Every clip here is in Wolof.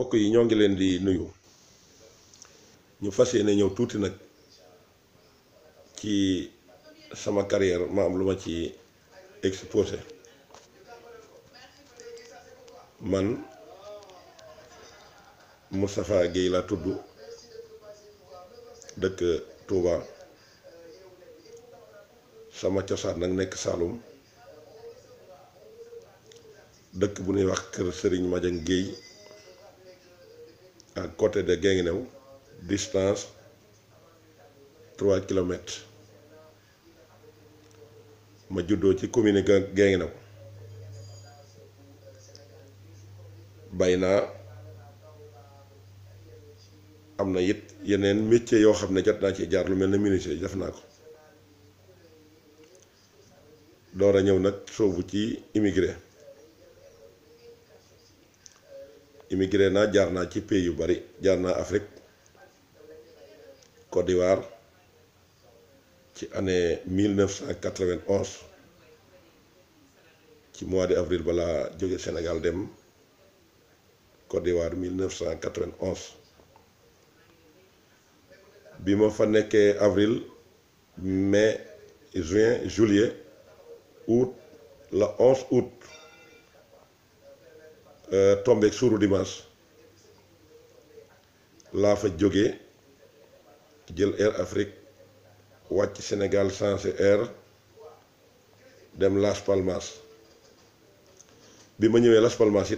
bokk yi ñoo ngi leen di nuyu ñu fas yéene ñëw tuuti nag ci sama carrière ma am lu ma ci exposé man Moustapha Guèye laa tudd dëkk Touba sama cosaan nag nekk Saloum dëkk bu ñuy wax kër sëriñ Madiang Guèye à côté de Guinguinéo distance trois kilomètres ma juddoo ci commune Guinguinéo bay naa am na it yeneen métier yoo xam ne jot naa ci jaar lu mel ne menuisier def naa ko door a ñëw nag soobu ci immigré immigré naa jaar naa ci pays yu bari jaar naa Afrique Côte d'Ivoire ci année 1991 ci mois de avril balaa jóge Sénégal dem Côte d'Ivoire 1991 bi ma fa nekkee avril mais juin juillet août la 11 août. Euh, tombeek suuru dimanche laa fa jógee jël Air Afrique wàcc Sénégal changé air dem Las Palmas bi ma ñëwee Las Palmas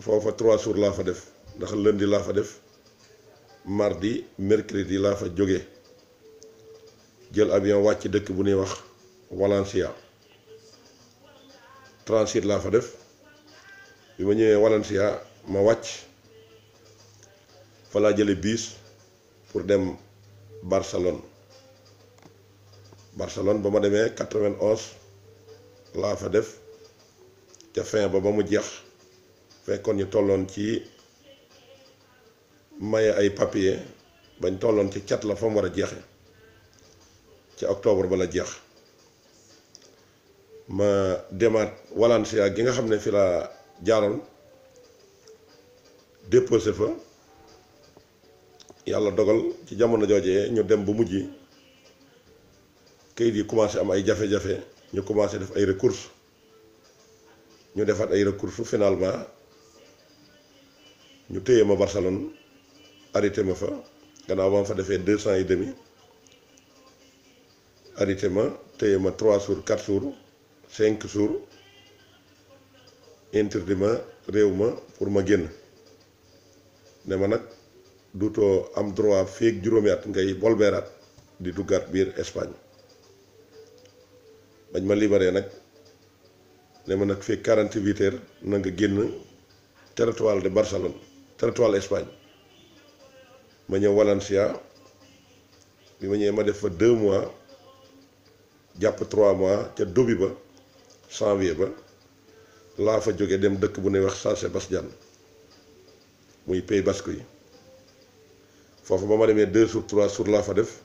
foofa trois jours laa fa def ndax lundi laa fa def mardi mercredi laa fa jóge jël avion wàcc dëkk bu ñuy wax Valencia transit laa fa def bi ma ñëwee Valencia ma wàcc fa laa jële biis pour dem Barcelone Barcelone ba ma demee 91 laa fa def ca fin ba ba mu jeex fekkoon ñu tolloon ci maye ay papier bañ tolloon ci cat la fa mu war a jeexe ci octobre ba la jeex ma demaat Valencia gi nga xam ne fi laa jaaroon déposé fa yàlla dogal ci jamono joojee ñu dem bu mujj kayit yi commencé am ay jafe-jafe ñu commencé def ay recours ñu defaat ay recours finalement ñu téye ma Barcelone arité ma fa gannaaw ba ma fa defee deux cent et demi arrêté ma téye ma trois jours quatre jours cinq jours. interdit ma réew ma pour ma génn ne ma nag duutoo am droit feeg juróomi at ngay bolbeeraat di duggaat biir Espagne bañ ma libaree nag ne ma nag feeg quarante-huit na nga génn territoire de Barcelone territoire Espagne ma ñëw Valencia bi ma ñëwee ma def fa deux mois jàpp trois mois ca dobi ba janvier ba laa fa jóge dem dëkk bu nuy wax San Sébastien muy Pays Basque yi foofu ba ma demee deux jours trois jours laa fa def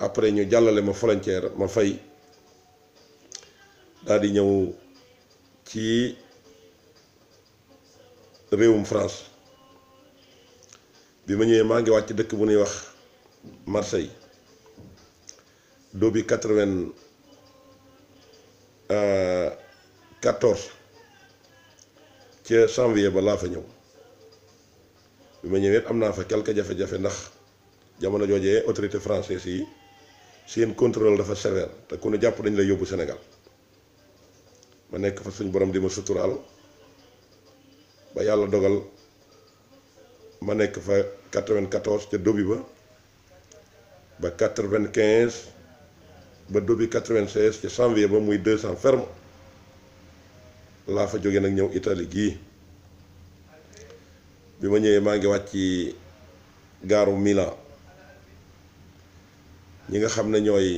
après ñu jàllale ma frontière ma fay dal di ñëw ci réewum France bi ma ñëwee maa ngi wàcc dëkk bu ñuy wax Marseille doo bi quatre-vingt euh, quatorze ca janvier ba laa fa ñëw bi ma ñëwee am naa fa quelque jafe-jafe ndax jamono joojee autorité française yi seen contrôle dafa sévère te ku ne jàpp dañ lay yóbbu Sénégal ma nekk fa suñ borom di ma suturaal ba yàlla dogal ma nekk fa 94 ca dóbi ba ba vingt 95 ba dóbi 96 ca janvier ba muy 200 ferme laa fa jóge nag ñëw Itali gii bi ma ñëwee maa ngi wàcc ci gaaru Milan ñi nga xam ne ñooy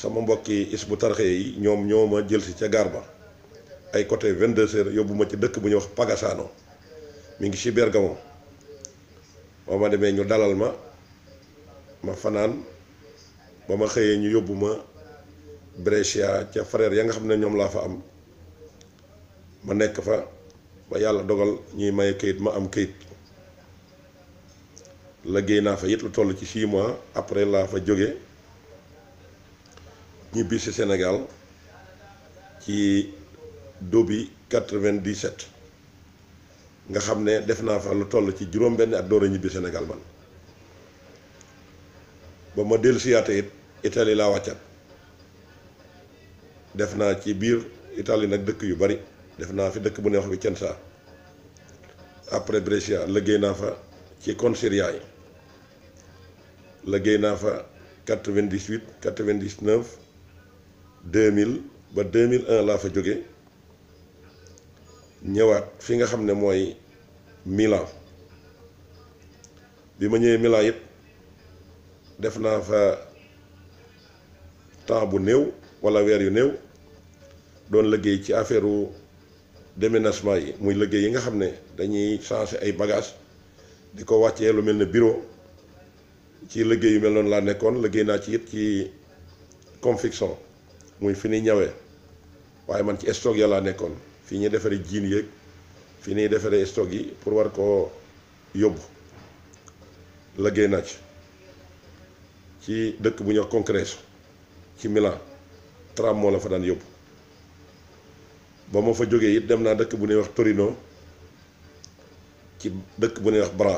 sama mbokki isbu tarxe yi ñoom ñoo ma jël si ca gaar ba ay côté 22 heures yóbbu ma ci dëkk bu ñuy wax Pagassano mi ngi ci Bergamo boo ma demee ñu dalal ma ma fanaan ba ma xëyee ñu yóbbu ma Brescia ca frère ya nga xam ne ñoom laa fa am. ma nekk fa ba yàlla dogal ñuy maye kayit ma am kayit liggéey naa fa yit lu toll ci six mois après laa fa jóge ñibbi ci senegal ci dobi 97 nga xam ne def naa fa lu toll ci juróom-benn at door a ñibbi Sénégal man ba ma dellu siyaate it Italie laa wàccat def naa ci biir itali nag dëkk yu bari def naa fi dëkk bu ne wax Vicenza après Brescia liggéey naa fa ci consilia yi liggéey naa fa 98 99 2000 ba un laa fa jóge ñëwaat fi nga xam ne mooy Milan bi ma ñëwee Milan it def naa fa temps bu néew walla weer yu néew doon liggéey ci affaire déménagement yi muy liggéey yi nga xam ne dañuy changer ay bagages di ko wàccee lu mel ne bureau ci liggéey yu mel noonu laa nekkoon liggéey naa ci it ci confection muy fi ñuy ñawee waaye man ci stock ya laa nekkoon fii ñuy defaree jiin yéeg fii ñuy defaree stock yi pour war ko yóbbu liggéey naa ci ci dëkk bu ñuy wax ci Milan tram moo la fa daan yóbbu. ba ma fa jógee it dem naa dëkk bu ñuy wax Torino ci dëkk bu nuy wax Bra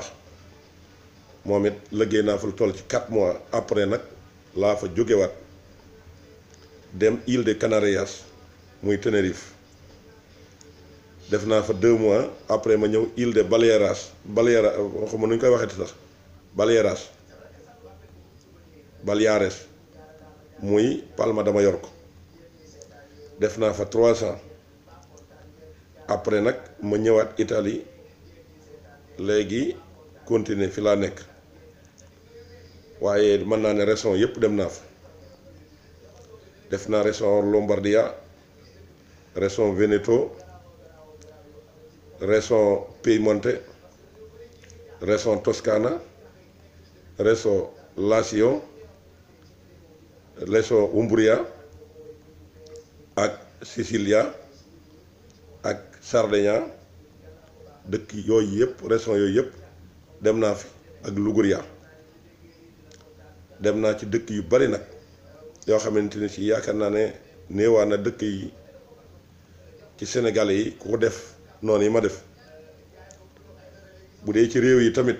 moom it liggéey naa fa lu toll ci 4 mois après nag laa fa jógewaat dem île de Canarias muy Tenerife def naa fa 2 mois après ma ñëw île de Baleares Baleares xawma nu ñu koy waxee waxeeti sax Baleares Baleares muy Palma dama yor ko def naa fa 300. après nag ma ñëwaat itali léegi continuer fi laa nekk waaye mën naa ne région yëpp dem naa fa def na région Lombardia région Veneto région Piemonte région Toscana région Lazio région Umbria ak Sicilia Sardinia dëkk yooyu yëpp région yooyu yëpp dem naa fi ak Liguria dem naa ci dëkk yu bari nag yoo xamante ni ci yaakaar naa ne néewaa na dëkk yi ci Sénégal yi ku ko def noonu yi ma def bu dee ci réew yi tamit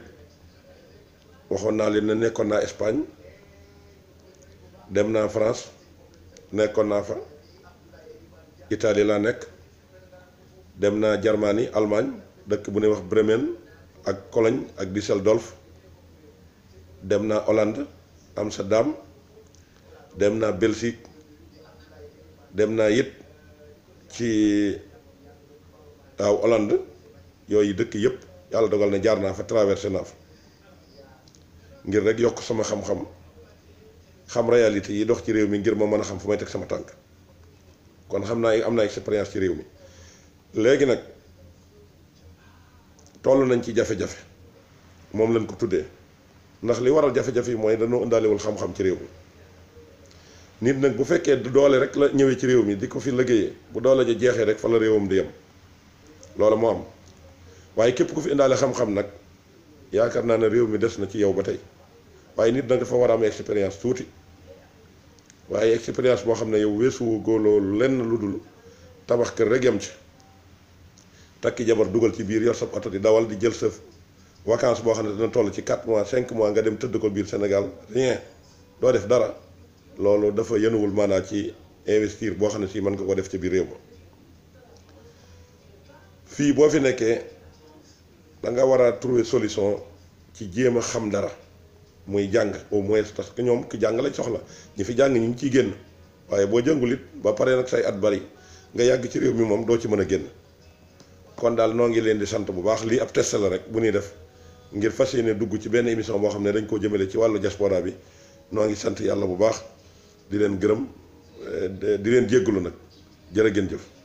waxoon naa leen ne nekkoon naa Espagne dem naa France nekkoon naa fa Italie laa nekk dem naa Germanie Allemagne dëkk bu ne wax Bremen ak Cologne ak Düsseldorf dem naa Hollande Amsterdam dem naa Belgique dem naa it ci waaw yooyu dëkk yëpp yàlla dogal na jaar naa fa traversé naa fa ngir rek yokk sama xam-xam xam réalité yi dox ci réew mi ngir ma mën a xam fu may teg sama tànk kon xam naa am naa expérience ci réew mi léegi nag toll nañ ci jafe-jafe moom lañ ko tuddee ndax li waral jafe-jafe yi mooy dañoo indaalewul xam-xam ci réew mi nit nag bu fekkee doole rek la ñëwee ci réew mi di ko fi liggéeyee bu doole ja jeexee rek fa la réewam di yem loolu moo am waaye képp ku fi indaale xam-xam nag yaakaar naa ne réew mi des na ci yow ba tey waaye nit nag dafa war a am expérience tuuti waaye expérience boo xam ne yow weesuwu góoloo lenn lu dul tabax kër rek yem ci takki jabar dugal ci biir yor sa oto di dawal di jël sa vacance boo xam ne dina toll ci 4 mois 5 mois nga dem tëdd ko biir Sénégal rien doo def dara loolu dafa yënuwul maanaa ci investir boo xam ne si mën nga ko def ci biir réew ma fii boo fi nekkee da nga war a trouver solution ci jéem a xam dara muy jàng au moins parce que ñoom ki jàng lañ soxla ñi fi jàng ñu ngi ciy génn waaye boo jàngul it ba pare nag say at bari nga yàgg ci réew mi moom doo ci mën a génn. kon daal noo ngi leen di sant bu baax lii ab test la rek bu ñuy def ngir fas yéene dugg ci benn émission boo xam ne dañ koo jëmale ci wàllu diaspora bi noo ngi sant yàlla bu baax di leen gërëm eh, di leen jéggalu nag jërë ngeen jëf